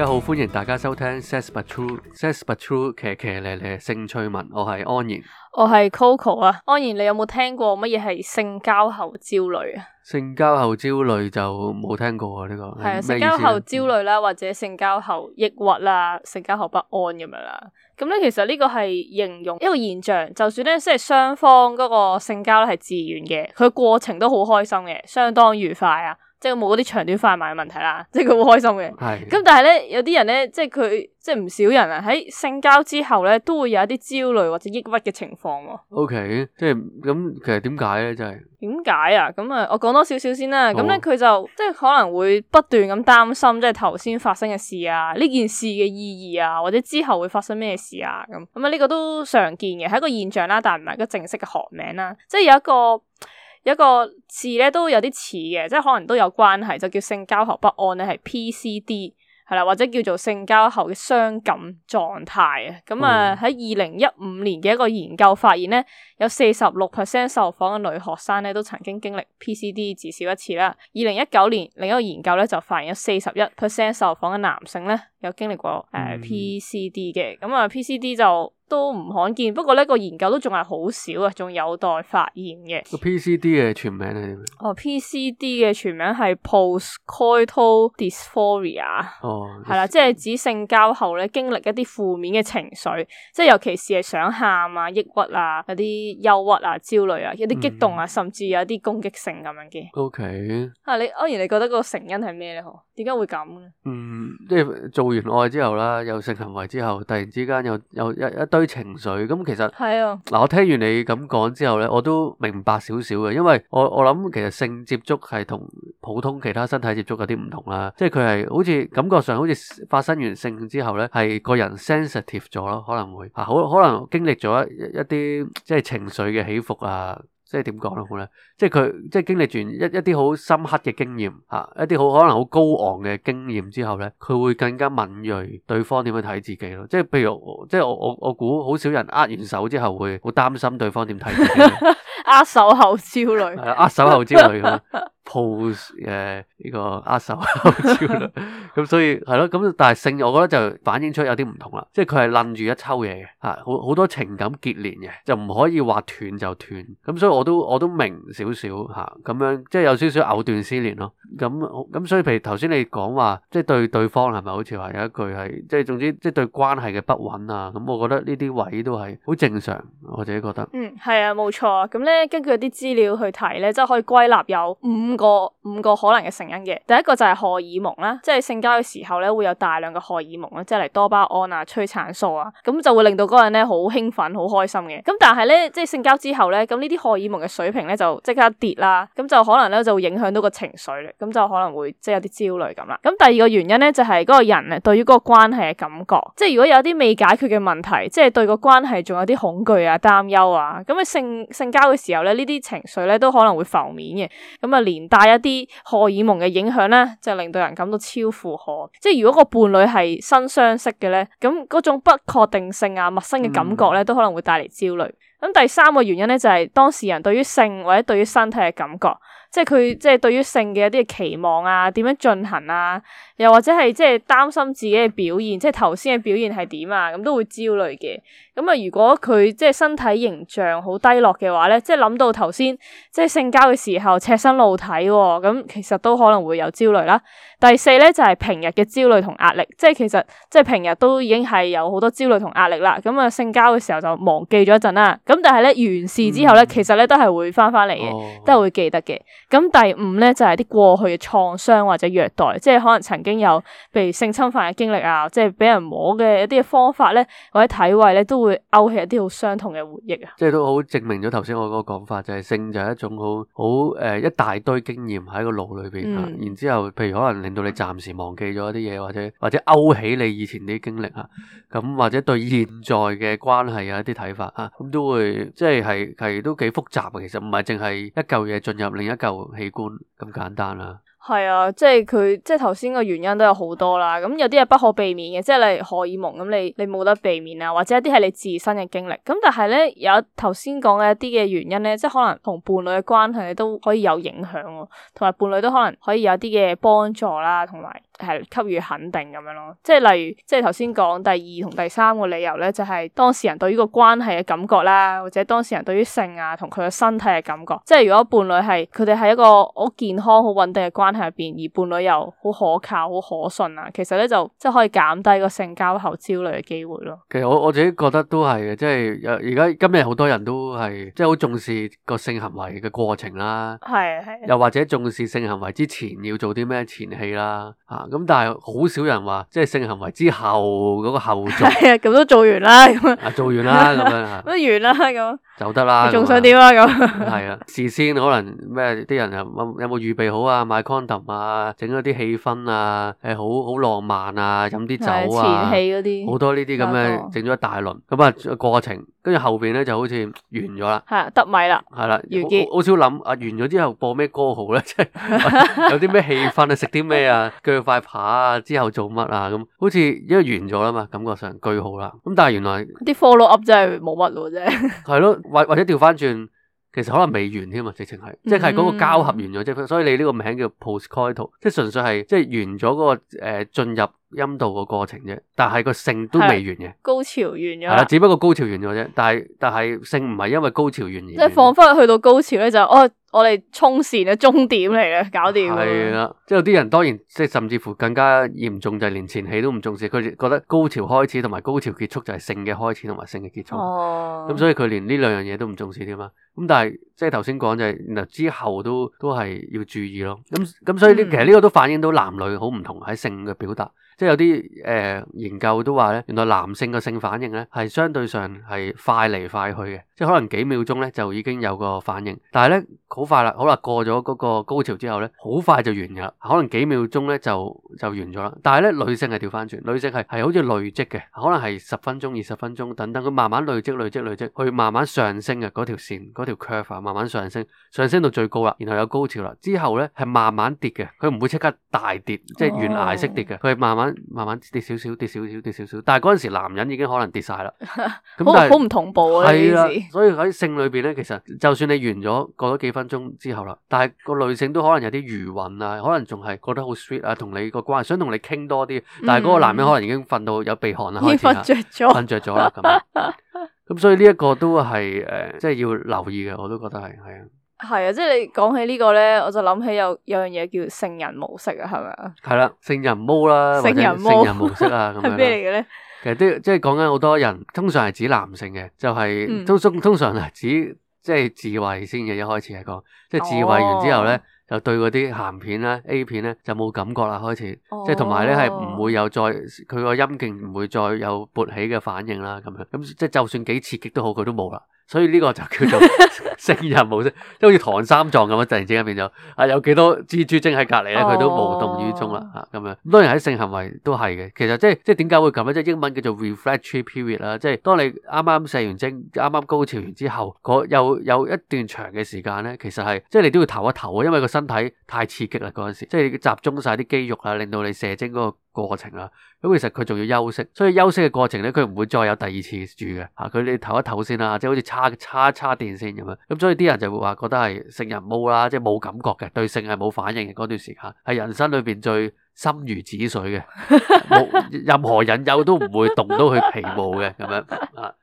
大家好，歡迎大家收聽 Says But True，Says But True，騎騎咧咧性趣聞，我係安然，我係 Coco 啊。安然，你有冇聽過乜嘢係性交後焦慮啊？性交後焦慮就冇聽過啊。這個、呢個係啊，性交後焦慮啦，或者性交後抑鬱啦，性交後不安咁樣啦。咁咧其實呢個係形容一個現象，就算咧即係雙方嗰個性交咧係自願嘅，佢過程都好開心嘅，相當愉快啊。即係冇嗰啲長短快慢嘅問題啦，即係佢會開心嘅。係咁是的、嗯，但係咧有啲人咧，即係佢即係唔少人啊，喺性交之後咧都會有一啲焦慮或者抑鬱嘅情況，哦。O、okay, K，即係咁、嗯，其實點解咧？真係點解啊？咁、嗯、啊，我講多少少先啦。咁咧好的、嗯，佢就即係可能會不斷咁擔心，即係頭先發生嘅事啊，呢件事嘅意義啊，或者之後會發生咩事啊？咁咁啊，呢、嗯，這個都常見嘅，係一個現象啦，但係唔係一個正式嘅學名啦。即係有一個。一個字咧都有啲似嘅，即係可能都有關係，就叫性交後不安咧，係 PCD 係啦，或者叫做性交後嘅傷感狀態啊。咁啊喺二零一五年嘅一個研究發現咧，有四十六 percent 受訪嘅女學生咧都曾經經歷 PCD 至少一次啦。二零一九年另一個研究咧就發現有四十一 percent 受訪嘅男性咧有經歷過誒 PCD 嘅，咁啊 PCD 就。都唔罕見，不過呢個研究都仲係好少啊，仲有待發現嘅。個 PCD 嘅全名係點？哦，PCD 嘅全名係 Postcoital Dysphoria，係啦，oh，即係指性交後咧經歷一啲負面嘅情緒，即係尤其是係想喊啊、抑鬱啊、有啲憂鬱啊、焦慮啊、有啲激動啊，mm hmm. 甚至有啲攻擊性咁樣嘅。OK，啊，你安然，你覺得個成因係咩咧？好。點解會咁嘅？嗯，即係做完愛之後啦，有性行為之後，突然之間有又一一堆情緒。咁其實，係啊的。嗱，我聽完你咁講之後咧，我都明白少少嘅。因為我我諗其實性接觸係同普通其他身體接觸有啲唔同啦。即係佢係好似感覺上好似發生完性之後咧，係個人 sensitive 咗咯，可能會啊，好可能經歷咗一一啲即係情緒嘅起伏啊。即係點講咧？即係佢即係經歷住一一啲好深刻嘅經驗吓、啊，一啲好可能好高昂嘅經驗之後咧，佢會更加敏銳對方點樣睇自己咯。即係譬如，即係我我我估好少人握完手之後會好擔心對方點睇自己。 握手後焦慮，係啊，握手後焦慮嘅。 pose 誒、uh, 呢、這個握手咁 所以係咯，咁但係性，我覺得就反映出有啲唔同啦，即係佢係攬住一抽嘢嘅嚇，好好多情感結連嘅，就唔可以話斷就斷。咁所以我都我都明少少嚇，咁、啊、樣即係有少少藕斷絲連咯。咁咁所以譬如頭先你講話，即係對對方係咪好似話有一句係，即係總之即係對關係嘅不穩啊？咁我覺得呢啲位都係好正常，我自己覺得。嗯，係啊，冇錯。咁咧根據啲資料去睇咧，即係可以歸納有五，個五個可能嘅成因嘅，第一個就係荷爾蒙啦，即係性交嘅時候咧會有大量嘅荷爾蒙啦，即係嚟多巴胺啊、催產素啊，咁就會令到嗰個人咧好興奮、好開心嘅。咁但係咧，即係性交之後咧，咁呢啲荷爾蒙嘅水平咧就即刻跌啦，咁就可能咧就會影響到個情緒咧，咁就可能會即係有啲焦慮咁啦。咁第二個原因咧就係嗰個人啊，對於嗰個關係嘅感覺，即係如果有啲未解決嘅問題，即係對個關係仲有啲恐懼啊、擔憂啊，咁啊性性交嘅時候咧呢啲情緒咧都可能會浮面嘅，咁啊連。帶一啲荷爾蒙嘅影響咧，就是、令到人感到超負荷。即係如果個伴侶係新相識嘅咧，咁嗰種不確定性啊、陌生嘅感覺咧，都可能會帶嚟焦慮。咁、嗯、第三個原因咧，就係、是、當事人對於性或者對於身體嘅感覺。即係佢即係對於性嘅一啲期望啊，點樣進行啊？又或者係即係擔心自己嘅表現，即係頭先嘅表現係點啊？咁都會焦慮嘅。咁啊，如果佢即係身體形象好低落嘅話咧，即係諗到頭先即係性交嘅時候赤身露體喎，咁其實都可能會有焦慮啦。第四咧就係平日嘅焦慮同壓力，即係其實即係平日都已經係有好多焦慮同壓力啦。咁啊，性交嘅時候就忘記咗一陣啦。咁但係咧完事之後咧，嗯、其實咧都係會翻翻嚟嘅，都係會記得嘅。咁第五咧就係啲過去嘅創傷或者虐待，即係可能曾經有譬如性侵犯嘅經歷啊，即係俾人摸嘅一啲方法咧，或者體位咧，都會勾起一啲好傷痛嘅回憶啊。即係都好證明咗頭先我嗰個講法，就係、是、性就係一種好好誒一大堆經驗喺個腦裏邊啊。嗯、然之後，譬如可能令到你暫時忘記咗一啲嘢，或者或者勾起你以前啲經歷啊，咁、嗯、或者對現在嘅關係啊，一啲睇法啊，咁都會即係係係都幾複雜嘅。其實唔係淨係一嚿嘢進入另一嚿器官咁簡單啦，係啊，即係佢，即係頭先個原因都有好多啦。咁有啲係不可避免嘅，即係你荷爾蒙咁，你你冇得避免啊。或者一啲係你自身嘅經歷。咁但係咧，有頭先講嘅一啲嘅原因咧，即係可能同伴侶嘅關係，都可以有影響，同埋伴侶都可能可以有啲嘅幫助啦，同埋。係給予肯定咁樣咯，即係例如，即係頭先講第二同第三個理由咧，就係、是、當事人對於個關係嘅感覺啦，或者當事人對於性啊同佢嘅身體嘅感覺，即係如果伴侶係佢哋係一個好健康好穩定嘅關係入邊，而伴侶又好可靠好可信啊，其實咧就即係可以減低個性交後焦慮嘅機會咯。其實我我自己覺得都係嘅，即係而家今日好多人都係即係好重視個性行為嘅過程啦，係係，又或者重視性行為之前要做啲咩前戲啦，啊。咁但係好少人話，即係性行為之後嗰、嗰個後續。咁都 做完啦，咁啊，做完啦，咁樣。乜完啦咁？就 樣得啦，仲 樣想點啊？咁係啊，事先可能咩啲人又有冇預備好啊？買 condom 啊，整咗啲氣氛啊，係好好浪漫啊，飲啲酒啊，前戲嗰啲，好多呢啲咁嘅，整咗、嗰個、一大輪。咁啊，過程。跟住後邊咧就好似完咗啦，係啊，得米啦，係啦，好少諗啊，完咗之後播咩歌好咧，即係有啲咩氣氛啊，食啲咩啊，鋸塊扒啊，之後做乜啊，咁好似因為完咗啦嘛，感覺上句號啦，咁但係原來啲 follow up 真係冇乜喎，真係，係咯，或或者調翻轉，其實可能未完添嘛，直情係，即係嗰個交合完咗啫，所以你呢個名叫 post coital，即係純粹係即係完咗嗰個誒進入。陰道個過程啫，但係個性都未完嘅。高潮完咗，係啦，只不過高潮完咗啫。但係但係性唔係因為高潮完而完即係仿佛去到高潮咧就是、哦，我哋衝線嘅終點嚟嘅，搞掂。係啦，即係有啲人當然即係甚至乎更加嚴重就係連前戲都唔重視，佢覺得高潮開始同埋高潮結束就係性嘅開始同埋性嘅結束。哦，咁、嗯、所以佢連呢兩樣嘢都唔重視添啦。咁但係即係頭先講就係之後都都係要注意咯。咁咁所以呢，其實呢個都反映到男女好唔同喺性嘅表達。即係有啲誒研究都話咧，原來男性嘅性反應咧係相對上係快嚟快去嘅，即係可能幾秒鐘咧就已經有個反應，但係咧好快啦，好啦過咗嗰個高潮之後咧，好快就完㗎啦，可能幾秒鐘咧就就完咗啦。但係咧女性係調翻轉，女性係好似累積嘅，可能係十分鐘、二十分鐘等等，佢慢慢累積、累積、累積，佢慢慢上升嘅嗰條線、嗰條 curve 慢慢上升，上升到最高啦，然後有高潮啦，之後咧係慢慢跌嘅，佢唔會即刻大跌，即係懸崖式跌嘅，佢係慢慢。慢慢跌少少，跌少少，跌少少。但係嗰陣時，男人已經可能跌晒啦。咁 但好唔 同步啊。係啦 ，所以喺性裏邊咧，其實就算你完咗，過咗幾分鐘之後啦，但係個女性都可能有啲餘韻啊，可能仲係覺得好 sweet 啊，同你個關係想同你傾多啲。嗯、但係嗰個男人可能已經瞓到有鼻鼾啦，開始瞓着咗，瞓着咗啦。咁著，咁 所以呢一個都係誒，即係要留意嘅。我都覺得係，係啊。係啊，即係你講起呢個咧，我就諗起有有樣嘢叫聖人模式啊，係咪啊？係啦，聖人毛啦，聖人魔聖人模式啊，咁係咩嚟嘅咧？ 呢其實都即係講緊好多人，通常係指男性嘅，就係、是、通、嗯、通常係指即係自慰先嘅，一開始係講，即係自慰完之後咧，哦、就對嗰啲鹹片啦、A 片咧就冇感覺啦，開始，哦、即係同埋咧係唔會有再佢個陰莖唔會再有勃起嘅反應啦，咁樣，咁即係就算幾刺激都好，佢都冇啦。所以呢個就叫做聖人模式，即係好似唐三藏咁樣，突然之間變咗啊！有幾多蜘蛛精喺隔籬咧，佢都無動於衷啦嚇咁樣。咁當然喺性行為都係嘅，其實即係即係點解會咁咧？即係英文叫做 refractory period 啦，即係當你啱啱射完精、啱啱高潮完之後，又有一段長嘅時間咧，其實係即係你都要唞一唞啊，因為個身體太刺激啦嗰陣時，即係集中晒啲肌肉啊，令到你射精嗰、嗰個過程啦，咁其實佢仲要休息，所以休息嘅過程咧，佢唔會再有第二次住嘅吓，佢哋唞一唞先啦，即係好似叉叉叉電先咁樣，咁所以啲人就會話覺得係聖人毛啦，即係冇感覺嘅，對性係冇反應嘅嗰段時間，係人生裏邊最心如止水嘅， 任何引誘都唔會動到佢皮毛嘅咁樣啊，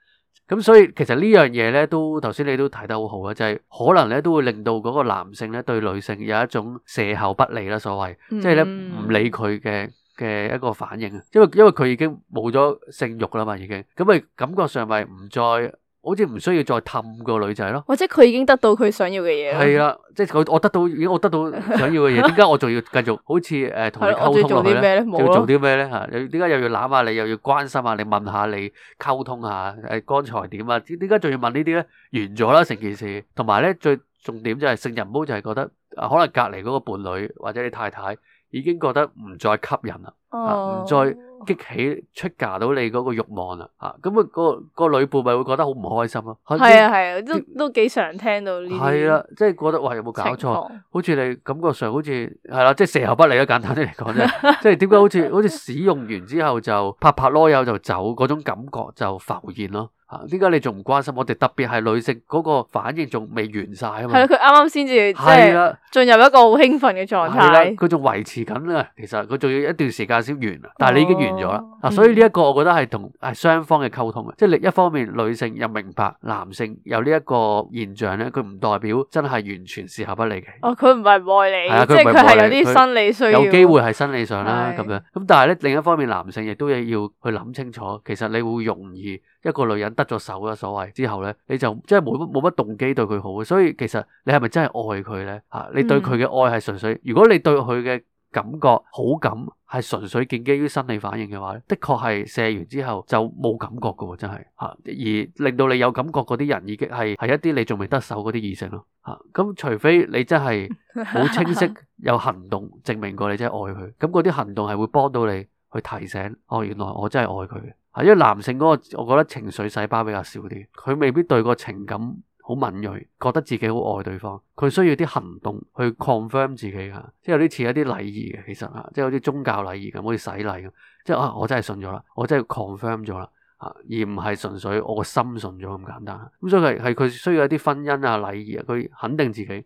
咁所以其實呢樣嘢咧都頭先你都睇得好好啊，就係、是、可能咧都會令到嗰個男性咧對女性有一種射後不理啦，所謂即係咧唔理佢嘅。嘅一個反應啊，因為因為佢已經冇咗性慾啦嘛，已經咁咪感覺上咪唔再，好似唔需要再氹個女仔咯。或者佢已經得到佢想要嘅嘢。係啦，即、就、係、是、我我得到已經我得到想要嘅嘢，點解 我仲要繼續好似誒同你溝通落咧？ 嗯、要做呢仲要做啲咩咧？嚇，又點解又要攬下你，又要關心下你，問下你溝通下誒、哎、剛才點啊？點解仲要問呢啲咧？完咗啦成件事，同埋咧最重點就係、是、性人唔就係覺得可能隔離嗰個伴侶或者你太太，太。已經覺得唔再吸引啦，唔、oh. 啊、再激起出價到你嗰，啊嗰個慾望啦，吓咁啊，個個女伴咪會覺得好唔開心咯。係啊係啊，都啊啊都，都幾常聽到呢啲係啦，即係覺得哇，有冇搞錯？好似你感覺上好似係啦，即係射後不理啦，簡單啲嚟講啫。 即係點解好似好似使用完之後就拍拍籮柚就走，嗰種感覺就浮現咯。啊！點解你仲唔關心？我哋特別係女性嗰個反應仲未完晒啊嘛！係啦，佢啱啱先至即係進入一個好興奮嘅狀態。佢仲維持緊啊！其實佢仲要一段時間先完。但係你已經完咗啦，哦啊。所以呢一個我覺得係同係雙方嘅溝通嘅，嗯、即係另一方面女性又明白男性有呢一個現象咧，佢唔代表真係完全事合不理嘅。哦，佢唔係愛你，即係佢係有啲生理需要，有機會係生理上啦咁樣。咁的但係咧，另一方面男性亦都要去諗清楚，其實你會容易。一個女人得咗手啦，所謂之後呢，你就即係冇乜冇乜動機對佢好，所以其實你係咪真係愛佢呢？吓，你對佢嘅愛係純粹。嗯、如果你對佢嘅感覺、好感係純粹建基於生理反應嘅話呢，的確係射完之後就冇感覺嘅，真係吓。而令到你有感覺嗰啲人，已經係係一啲你仲未得手嗰啲異性咯吓。咁除非你真係好清晰有行動證明過你真係愛佢，咁嗰啲行動係會幫到你去提醒哦，原來我真係愛佢。因為男性嗰個，我覺得情緒細胞比較少啲，佢未必對個情感好敏鋭，覺得自己好愛對方，佢需要啲行動去 confirm 自己㗎，即係有啲似一啲禮儀嘅，其實啊，即係好似宗教禮儀咁，好似洗禮咁，即係啊，我真係信咗啦，我真係 confirm 咗啦，啊，而唔係純粹我心信咗咁簡單，咁所以係係佢需要一啲婚姻啊禮儀啊，佢肯定自己。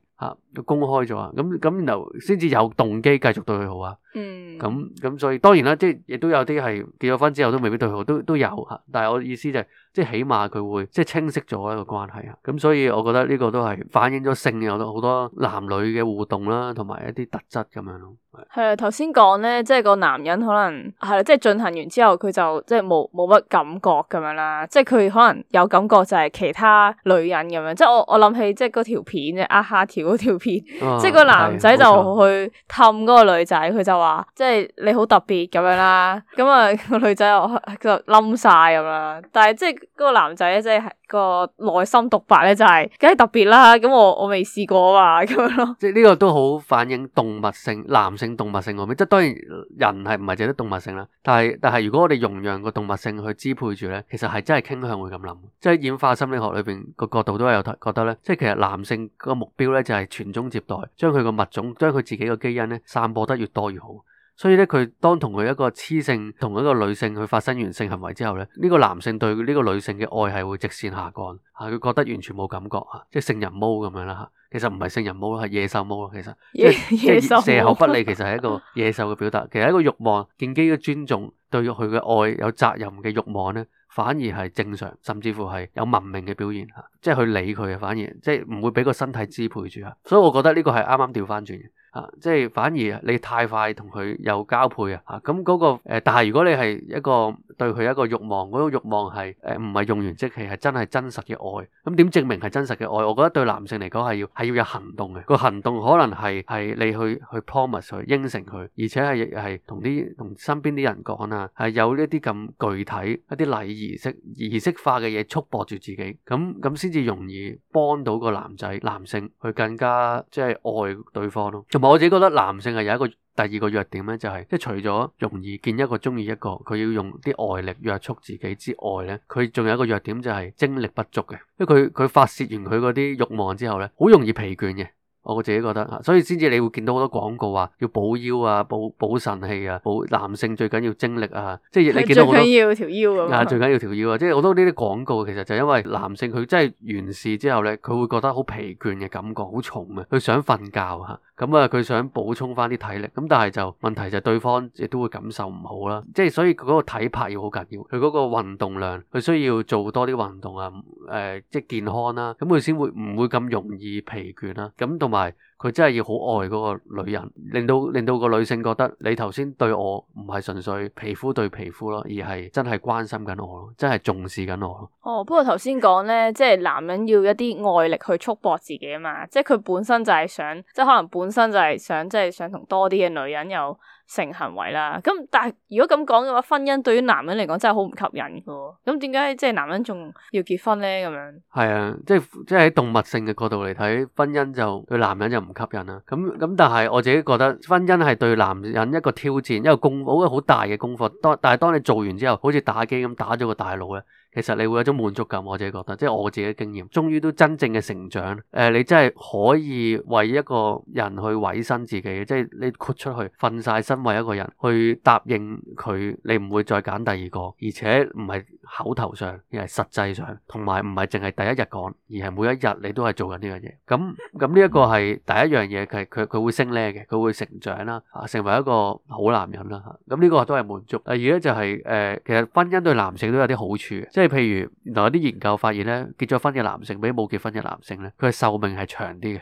公開咗啊，咁咁然後先至有動機繼續對佢好啊，嗯，咁咁所以當然啦，即係亦都有啲係結咗婚之後都未必對佢好，都都有啊，但係我意思就係，即係起碼佢會即係清晰咗一個關係啊，咁所以我覺得呢個都係反映咗性有好多男女嘅互動啦，同埋一啲特質咁樣咯，係啊，頭先講咧，即係個男人可能係即係進行完之後佢就即係冇冇乜感覺咁樣啦，即係佢可能有感覺就係其他女人咁樣，即係我我諗起即係嗰條片嘅啊哈條。嗰條片， 即係個男仔就去氹嗰個女仔，佢、嗯、就話，錯即係你好特別咁樣啦。咁啊，個女仔又佢冧晒咁啦。但係即係嗰個男仔咧，即係。個內心獨白咧就係梗係特別啦，咁我我未試過啊嘛，咁樣咯，即係呢個都好反映動物性，男性動物性嗰邊，即係當然人係唔係淨係得動物性啦，但係但係如果我哋容讓個動物性去支配住咧，其實係真係傾向會咁諗，即係演化心理學裏邊個角度都係有睇覺得咧，即係其實男性個目標咧就係、是、傳宗接代，將佢個物種，將佢自己個基因咧散播得越多越好。所以咧，佢當同佢一個雌性，同一個女性去發生完性行為之後咧，呢、這個男性對呢個女性嘅愛係會直線下降吓，佢、啊、覺得完全冇感覺吓、啊，即係聖人毛咁樣啦吓、啊。其實唔係聖人毛咯，係野獸毛咯。其實野係即係射口不理，其實係一個野獸嘅表達。 其實一個慾望、敬基嘅尊重、對佢嘅愛有責任嘅慾望咧，反而係正常，甚至乎係有文明嘅表現吓、啊，即係去理佢嘅，反而即係唔會俾個身體支配住啊。所以我覺得呢個係啱啱調翻轉。啊，即係反而你太快同佢有交配啊，吓咁嗰個誒，但係如果你係一個對佢一個慾望，嗰個慾望係誒唔係用完即棄，係真係真實嘅愛。咁點證明係真實嘅愛？我覺得對男性嚟講係要係要有行動嘅，個行動可能係係你去去 promise 佢應承佢，而且係係同啲同身邊啲人講啊，係有呢啲咁具體一啲禮儀式儀式化嘅嘢束縛住自己，咁咁先至容易幫到個男仔男性去更加即係愛對方咯。我自己覺得男性係有一個第二個弱點咧，就係即係除咗容易見一個中意一個，佢要用啲外力約束自己之外咧，佢仲有一個弱點就係精力不足嘅，因為佢佢發泄完佢嗰啲慾望之後咧，好容易疲倦嘅。我自己覺得啊，所以先至你會見到好多廣告話要補腰啊、補補腎氣啊、補男性最緊要精力啊，即係你見到佢最緊要條腰啊，最緊要條腰啊，啊嗯、最緊要條腰啊，即係好多呢啲廣告其實就因為男性佢真係完事之後咧，佢會覺得好疲倦嘅感覺，好重啊，佢想瞓覺啊。咁啊，佢、嗯、想補充翻啲體力，咁但係就問題就對方亦都會感受唔好啦，即係所以佢嗰個體魄要好緊要，佢嗰個運動量，佢需要做多啲運動啊，誒、呃，即係健康啦，咁佢先會唔會咁容易疲倦啦，咁同埋。佢真係要好愛嗰個女人，令到令到個女性覺得你頭先對我唔係純粹皮膚對皮膚咯，而係真係關心緊我咯，真係重視緊我咯。哦，不過頭先講咧，即係男人要一啲外力去束縛自己嘛，即係佢本身就係想，即係可能本身就係想，即係想同多啲嘅女人有性行為啦，咁但係如果咁講嘅話，婚姻對於男人嚟講真係好唔吸引嘅喎，咁點解即係男人仲要結婚咧？咁樣係啊，即係即係喺動物性嘅角度嚟睇，婚姻就對男人就唔吸引啦。咁咁但係我自己覺得婚姻係對男人一個挑戰，一個功好大嘅功課。當但係當你做完之後，好似打機咁打咗個大佬咧。其實你會有一種滿足感，我自己覺得，即係我自己的經驗，終於都真正嘅成長。呃，你真係可以為一個人去委身自己，即你豁出去，瞓晒身為一個人去答應佢，你唔會再揀第二個，而且唔係。口頭上，而係實際上，同埋唔係淨係第一日講，而係每一日你都係做緊呢樣嘢。咁咁呢一個係第一樣嘢，佢佢佢會升靚嘅，佢會成長啦，啊，成為一個好男人啦。咁、啊、呢、嗯呢個都係滿足。第二咧就係、是、誒、呃，其實婚姻對男性都有啲好處，即係譬如原來有啲研究發現咧，結咗婚嘅男性比冇結婚嘅男性咧，佢嘅壽命係長啲嘅。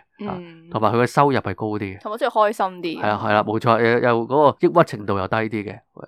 同埋佢嘅收入係高啲嘅，同埋即係開心啲。係啊，係啦，冇錯，又嗰個抑鬱程度又低啲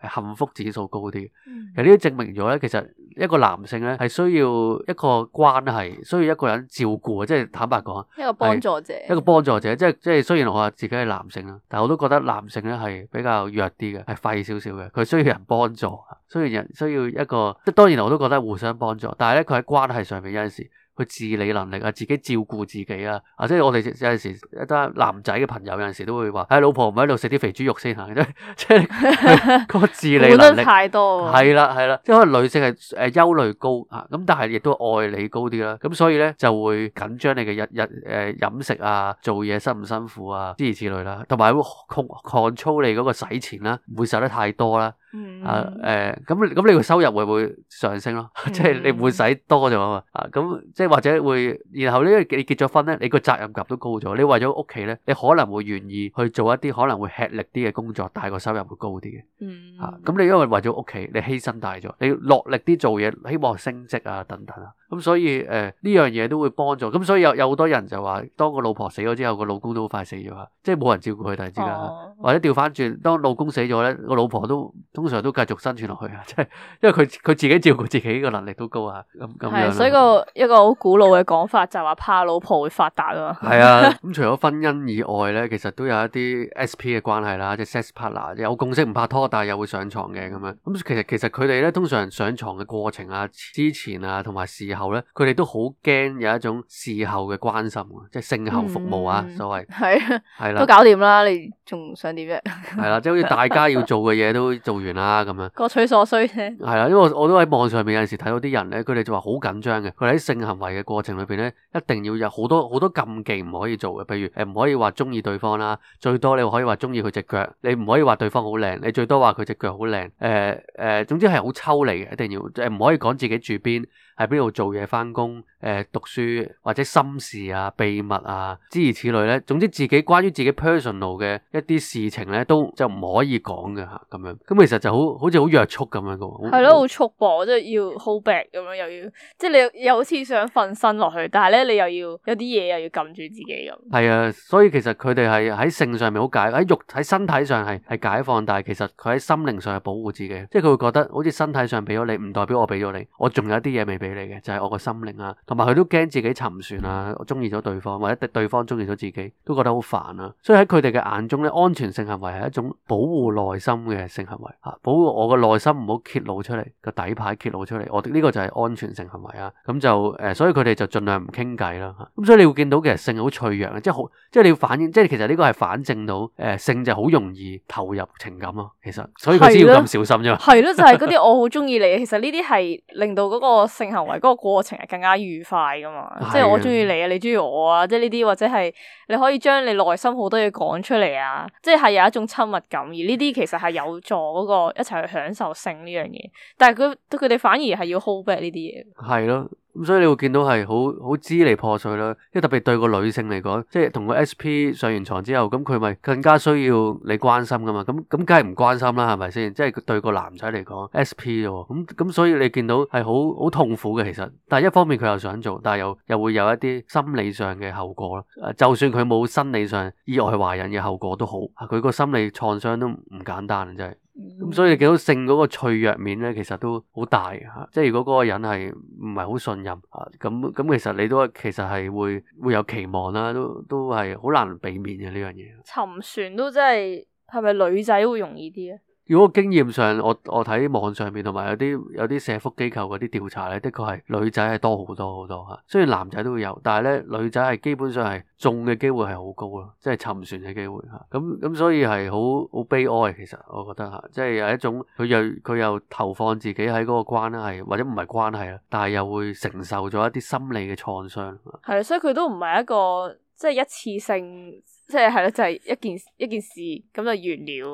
嘅，幸福指數高啲。嗯、其實呢啲證明咗咧，其實一個男性咧係需要一個關係，需要一個人照顧啊。即係坦白講，一個幫助者，一個幫助者。即係即係，雖然我啊自己係男性啦，但係我都覺得男性咧係比較弱啲嘅，係廢少少嘅。佢需要人幫助，需要人需要一個。即係當然我都覺得互相幫助。但係咧，佢喺關係上面有陣時。個自理能力啊，自己照顧自己啊，啊即係我哋有陣時一班男仔嘅朋友有陣時都會話，唉、哎，老婆唔喺度食啲肥豬肉先啊！即係個 自理能力，太多係啦係啦，即係可能女性係誒憂慮高嚇，咁、啊、但係亦都愛你高啲啦，咁、啊、所以咧就會緊張你嘅日日誒飲食啊，做嘢辛唔辛苦啊，之類之類啦，同埋會控 control 你嗰個使錢啦，唔會受得太多啦。 啊，誒、欸，咁咁你個收入會唔會上升咯？即 係 你唔會使多咗啊嘛？咁即係或者會，然後呢，你結咗婚咧，你個責任感都高咗。你為咗屋企咧，你可能會願意去做一啲可能會吃力啲嘅工作，但係個收入會高啲嘅。嗯、uh,，啊，咁你因為為咗屋企，你犧牲大咗，你要落力啲做嘢，希望升職啊，等等啊。咁、嗯、所以誒呢樣嘢都會幫助，咁、嗯、所以有有好多人就話，當個老婆死咗之後，個老公都好快死咗啊！即係冇人照顧佢，突然之間，哦、或者調翻轉，當老公死咗咧，個老婆都通常都繼續生存落去啊！即係因為佢佢自己照顧自己嘅能力都高啊！咁咁樣，係，所以個一個好、嗯、古老嘅講法就話怕老婆會發達咯。係、嗯、 啊，咁、嗯、除咗婚姻以外咧，其實都有一啲 S.P 嘅關係啦，即係 sex partner，有共識唔拍拖，但係又會上床嘅咁樣。咁其實其實佢哋咧通常上床嘅過程啊、之前啊、同埋事後。 後咧，佢哋都好驚有一種事後嘅關心，即係性後服務啊，所謂係係啦，嗯、係都搞掂啦，你仲想點啫？係 啦，即係好似大家要做嘅嘢都做完啦，咁樣各取所需啫。係啦，因為我我都喺網上面有陣時睇到啲人咧，佢哋就話好緊張嘅，佢喺性行為嘅過程裏邊咧，一定要有好多好多禁忌唔可以做嘅，譬如誒唔可以話中意對方啦，最多你可以話中意佢隻腳，你唔可以話對方好靚，你最多話佢隻腳好靚，誒、呃、誒、呃，總之係好抽離嘅，一定要誒唔可以講自己住邊喺邊度做。冇嘢返工。誒讀書或者心事啊、秘密啊，諸如此類咧，總之自己關於自己 personal 嘅一啲事情咧，都就唔可以講嘅嚇，咁樣，咁其實就好好似好約束咁樣個。係咯，好束縛，即係要 hold back 咁樣，又要即係你又好似想瞓身落去，但係咧你又要有啲嘢又要撳住自己咁。係啊，所以其實佢哋係喺性上面好解喺肉喺身體上係係解放，但係其實佢喺心靈上係保護自己，即係佢會覺得好似身體上俾咗你，唔代表我俾咗你，我仲有一啲嘢未俾你嘅，就係、是、我個心靈啊。同埋佢都驚自己沉船啊，中意咗對方，或者對方中意咗自己，都覺得好煩啊。所以喺佢哋嘅眼中咧，安全性行為係一種保護內心嘅性行為，吓，保護我嘅內心唔好揭露出嚟，個底牌揭露出嚟。我哋呢、這個就係安全性行為啊。咁就誒、呃，所以佢哋就盡量唔傾偈啦。咁所以你會見到其實性好脆弱嘅，即係好，即係你要反映，即係其實呢個係反證到誒、呃，性就好容易投入情感咯、啊。其實所以佢先要咁小心啫嘛。係咯的， 就係嗰啲我好中意你。其實呢啲係令到嗰個性行為嗰個過程係更加軟。愉快噶嘛，即係我中意你啊，你中意我啊，即係呢啲或者係你可以將你內心好多嘢講出嚟啊，即係有一種親密感，而呢啲其實係有助嗰個一齊去享受性呢樣嘢，但係佢佢哋反而係要 hold back 呢啲嘢，係咯。咁所以你會見到係好好支離破碎啦，即係特別對個女性嚟講，即係同個 S.P 上完床之後，咁佢咪更加需要你關心噶嘛？咁咁梗係唔關心啦，係咪先？即係對個男仔嚟講 S.P 啫，咁咁所以你見到係好好痛苦嘅其實，但係一方面佢又想做，但係又又會有一啲心理上嘅後果咯。就算佢冇心理上意外懷孕嘅後果都好，佢個心理創傷都唔簡單嘅。真係咁所以見到性嗰個脆弱面咧，其實都好大吓。即係如果嗰個人係唔係好信任啊，咁咁其實你都其實係會會有期望啦，都都係好難避免嘅呢樣嘢。沉船都真係，係咪女仔會容易啲啊？如果經驗上，我我睇網上面同埋有啲有啲社福機構嗰啲調查咧，的確係女仔係多好多好多嚇。雖然男仔都會有，但係咧，女仔係基本上係中嘅機會係好高咯，即係沉船嘅機會嚇。咁咁所以係好好悲哀。其實我覺得嚇，即係有一種佢又佢又投放自己喺嗰個關係，或者唔係關係啦，但係又會承受咗一啲心理嘅創傷。係，所以佢都唔係一個即係一次性。即係係咯，就係一件一件事咁就完了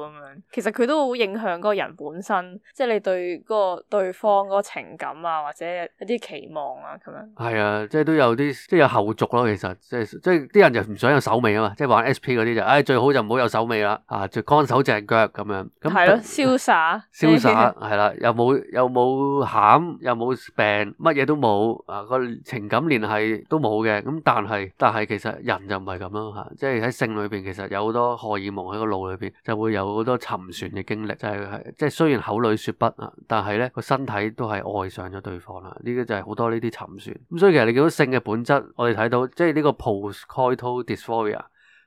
咁樣。其實佢都好影響嗰個人本身，即係你對嗰個對方嗰個情感啊，或者一啲期望啊咁樣。係啊，即係都有啲，即係有後續咯。其實即係即係啲人就唔想有手尾啊嘛，即係玩 SP 嗰啲就，唉，最好就唔好有手尾啦，啊，就乾手淨腳咁樣。係咯，瀟灑。瀟灑係啦，又冇又冇餡，又冇病，乜嘢都冇啊，個情感聯繫都冇嘅。咁但係但係其實人就唔係咁樣吓，即係喺食。性裏邊其實有好多荷爾蒙喺個腦裏邊，就會有好多沉船嘅經歷，就係即係雖然口裏說不啊，但係咧個身體都係愛上咗對方啦。呢個就係好多呢啲沉船。咁所以其實你見到性嘅本質，我哋睇到即係呢個 postcoital dysphoria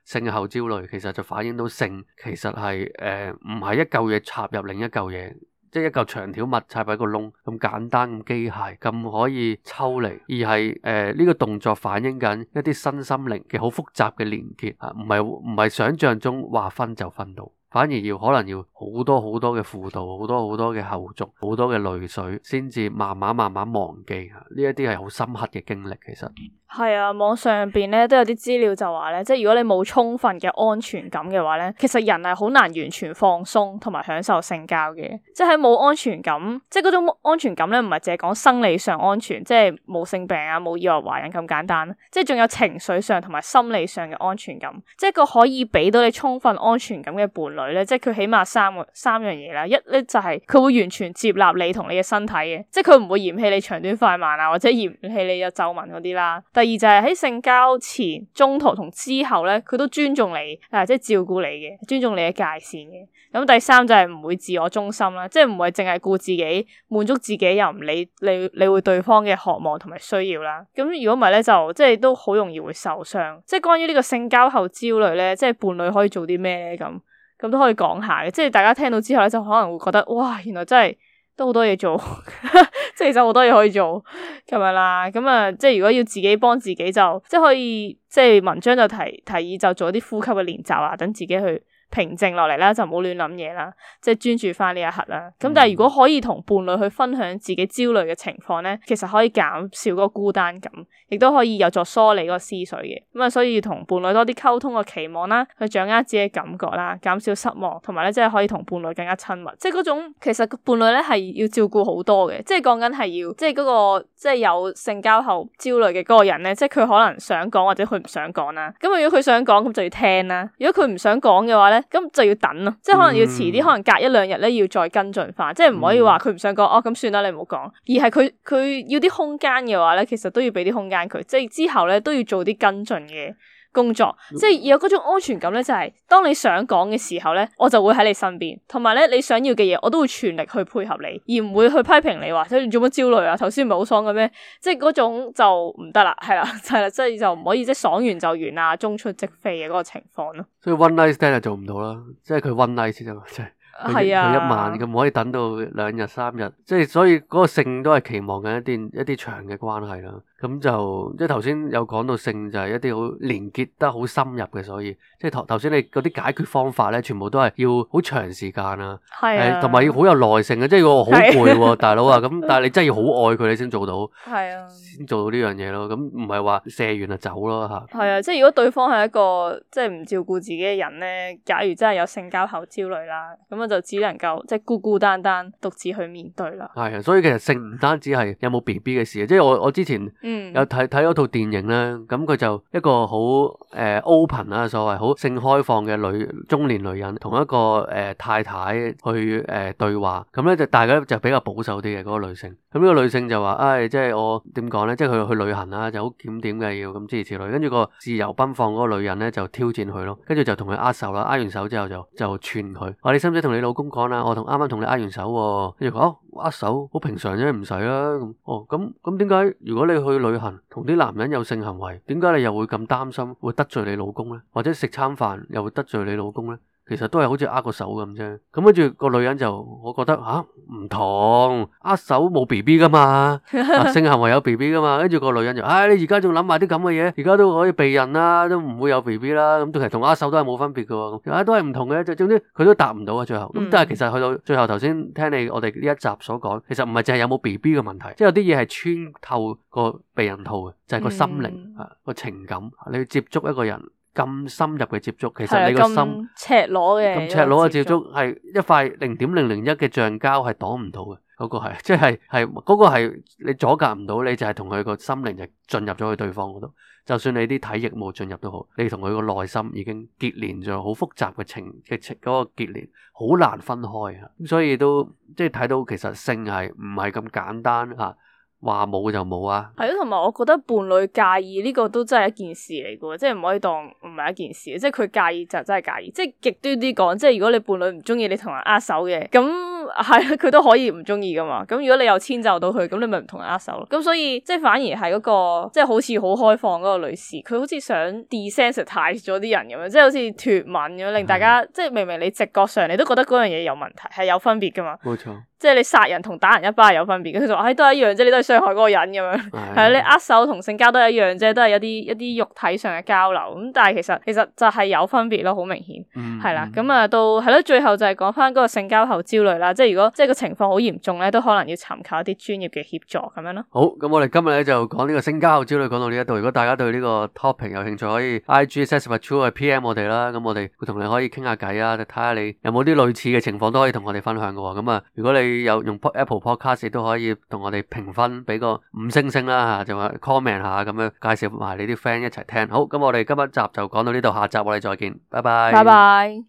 性後焦慮，其實就反映到性其實係誒唔係一嚿嘢插入另一嚿嘢。即係一嚿長條物插喺個窿，咁簡單咁機械咁可以抽離，而係誒呢個動作反映緊一啲身心靈嘅好複雜嘅連結啊！唔係唔係想像中話分就分到，反而要可能要好多好多嘅輔導，好多好多嘅後續，好多嘅淚水，先至慢慢慢慢忘記啊！呢一啲係好深刻嘅經歷，其實。係啊，網上邊咧都有啲資料就話咧，即係如果你冇充分嘅安全感嘅話咧，其實人係好難完全放鬆同埋享受性交嘅。即係冇安全感，即係嗰種安全感咧，唔係淨係講生理上安全，即係冇性病啊，冇意外懷孕咁簡單。即仲有情緒上同埋心理上嘅安全感，即係佢可以俾到你充分安全感嘅伴侶咧，即佢起碼三個三樣嘢啦。一咧就係佢會完全接納你同你嘅身體嘅，即佢唔會嫌棄你長短快慢啊，或者嫌棄你有皺紋嗰啲啦。第二就係喺性交前、中途同之後咧，佢都尊重你，啊，即係照顧你嘅，尊重你嘅界線嘅。咁，啊，第三就係唔會自我中心啦，即係唔係淨係顧自己，滿足自己又唔理你，你，你會對方嘅渴望同埋需要啦。咁如果唔係咧，就即係都好容易會受傷。即係關於呢個性交後焦慮咧，即係伴侶可以做啲咩咧？咁咁都可以講下嘅，即係大家聽到之後咧，就可能會覺得哇，原來真係。都好多嘢做， 即係其實好多嘢可以做咁樣啦。咁啊，即係如果要自己幫自己，就即係可以，即係文章就提提議，就做啲呼吸嘅練習啊，等自己去。平靜落嚟啦，就唔好亂諗嘢啦，即係專注翻呢一刻啦。咁、嗯、但係如果可以同伴侶去分享自己焦慮嘅情況咧，其實可以減少嗰個孤單感，亦都可以有助梳理個思緒嘅。咁、嗯、啊，所以要同伴侶多啲溝通個期望啦，去掌握自己嘅感覺啦，減少失望，同埋咧即係可以同伴侶更加親密。即係嗰種其實伴侶咧係要照顧好多嘅，即係講緊係要即係嗰、嗰個即係有性交後焦慮嘅嗰個人咧，即係佢可能想講或者佢唔想講啦。咁如果佢想講咁就要聽啦，如果佢唔想講嘅話咧。咁就要等咯，即係可能要遲啲，嗯、可能隔一兩日咧要再跟進翻，即係唔可以話佢唔想講、嗯、哦，咁算啦，你唔好講，而係佢佢要啲空間嘅話咧，其實都要俾啲空間佢，即係之後咧都要做啲跟進嘅。工作即係有嗰種安全感咧，就是，就係當你想講嘅時候咧，我就會喺你身邊，同埋咧你想要嘅嘢，我都會全力去配合你，而唔會去批評你話，所以做乜焦慮啊？頭先唔係好爽嘅咩？即係嗰種就唔得啦，係啦，係啦，所以就唔可以即係爽完就完啊，中出即飛嘅嗰個情況咯。所以 one night stand 就做唔到啦，即係佢 one night 先啫嘛，即係。係啊，一晚咁可以等到兩日三日，即係所以嗰個性都係期望緊一段，一啲長嘅關係啦。咁就即係頭先有講到性就係一啲好連結得好深入嘅，所以即係頭頭先你嗰啲解決方法咧，全部都係要好長時間啊，係同埋要好有耐性啊。即係我好攰喎，大佬啊，咁但係你真係要好愛佢你先做到，係啊，先做到呢樣嘢咯。咁唔係話射完就走咯，吓係啊。即係如果對方係一個即係唔照顧自己嘅人咧，假如真係有性交後焦慮啦，咁啊。就只能夠即係孤孤單單獨自去面對啦。係啊，所以其實性唔單止係有冇 B B 嘅事啊。即係我我之前有睇睇咗套電影咧，咁佢、嗯、就一個好誒 open 啊，所謂好性開放嘅女中年女人，同一個誒、呃、太太去誒、呃、對話，咁咧就大家就比較保守啲嘅嗰個女性。咁呢個女性就話，唉、哎，即係我點講呢？即係去去旅行啦、啊，就好檢點嘅，要咁諸如此類。跟住個自由奔放嗰個女人呢，就挑戰佢咯。跟住就同佢握手啦，握完手之後就就串佢，話你使唔使同你老公講啦？我同啱啱同你握完手、哦，跟住佢，哦，握手好平常啫，唔使啦。咁，哦，咁咁點解如果你去旅行同啲男人有性行為，點解你又會咁擔心會得罪你老公呢？或者食餐飯又會得罪你老公呢？其實都係好似握個手咁啫，咁跟住個女人就，我覺得吓唔、啊、同，握手冇 B B 噶嘛，啊、性行為有 B B 噶嘛，跟住個女人就，唉、哎，你而家仲諗埋啲咁嘅嘢，而家都可以避孕啦，都唔會有 B B 啦，咁其實同握手都係冇分別噶喎，啊，都係唔同嘅。就總之佢都答唔到啊，最後，咁但係其實去到最後，頭先聽你我哋呢一集所講，其實唔係淨係有冇 B B 嘅問題，即係有啲嘢係穿透個避孕套嘅，就係、是、個心靈啊，個情感，你要接觸一個人。咁深入嘅接觸，其實你個心赤裸嘅，咁赤裸嘅接觸係一塊零點零零一嘅橡膠係擋唔到嘅，嗰個係，即係係嗰個係你阻隔唔到，你就係同佢個心靈就進入咗去對方嗰度，就算你啲體液冇進入都好，你同佢個內心已經結連咗，好複雜嘅情嘅嗰個結連，好難分開啊！咁所以都即係睇到，其實性係唔係咁簡單吓。話冇就冇啊，係咯，同埋我覺得伴侶介意呢個都真係一件事嚟嘅，即係唔可以當唔係一件事，即係佢介意就真係介意，即係極端啲講，即係如果你伴侶唔中意你同人握手嘅，咁係啦，佢都可以唔中意噶嘛，咁如果你又遷就到佢，咁你咪唔同人握手咯，咁所以即係反而係嗰個即係好似好開放嗰個女士，佢好似想 desensitize 咗啲人咁樣，即係好似脱敏咁樣，令大家對 即係明明你直覺上你都覺得嗰樣嘢有問題，係有分別噶嘛，冇錯。即係你殺人同打人一巴係有分別，咁佢就話，唉、哎，都係一樣啫，你都係傷害嗰人咁樣。係 啊的，你握手同性交都係一樣啫，都係一啲一啲肉體上嘅交流。咁但係其實其實就係有分別咯，好明顯。係啦、嗯，咁啊到係咯，最後就係講翻嗰個性交後焦慮啦。即係如果即係個情況好嚴重咧，都可能要尋求一啲專業嘅協助咁樣咯。好，咁我哋今日咧就講呢個性交後焦慮講到呢一度。如果大家對呢個 topic 有興趣，可以 IG a c c e v e t r u PM 我哋啦。咁我哋會同你可以傾下偈啊，睇下你有冇啲類似嘅情況都可以同我哋分享㗎喎。咁啊，如果你有用 Apple Podcast 都可以同我哋評分，俾個五星星啦嚇，就話 comment 下咁樣介紹埋你啲 friend 一齊聽。好，咁我哋今日集就講到呢度，下集我哋再見，拜拜。拜拜。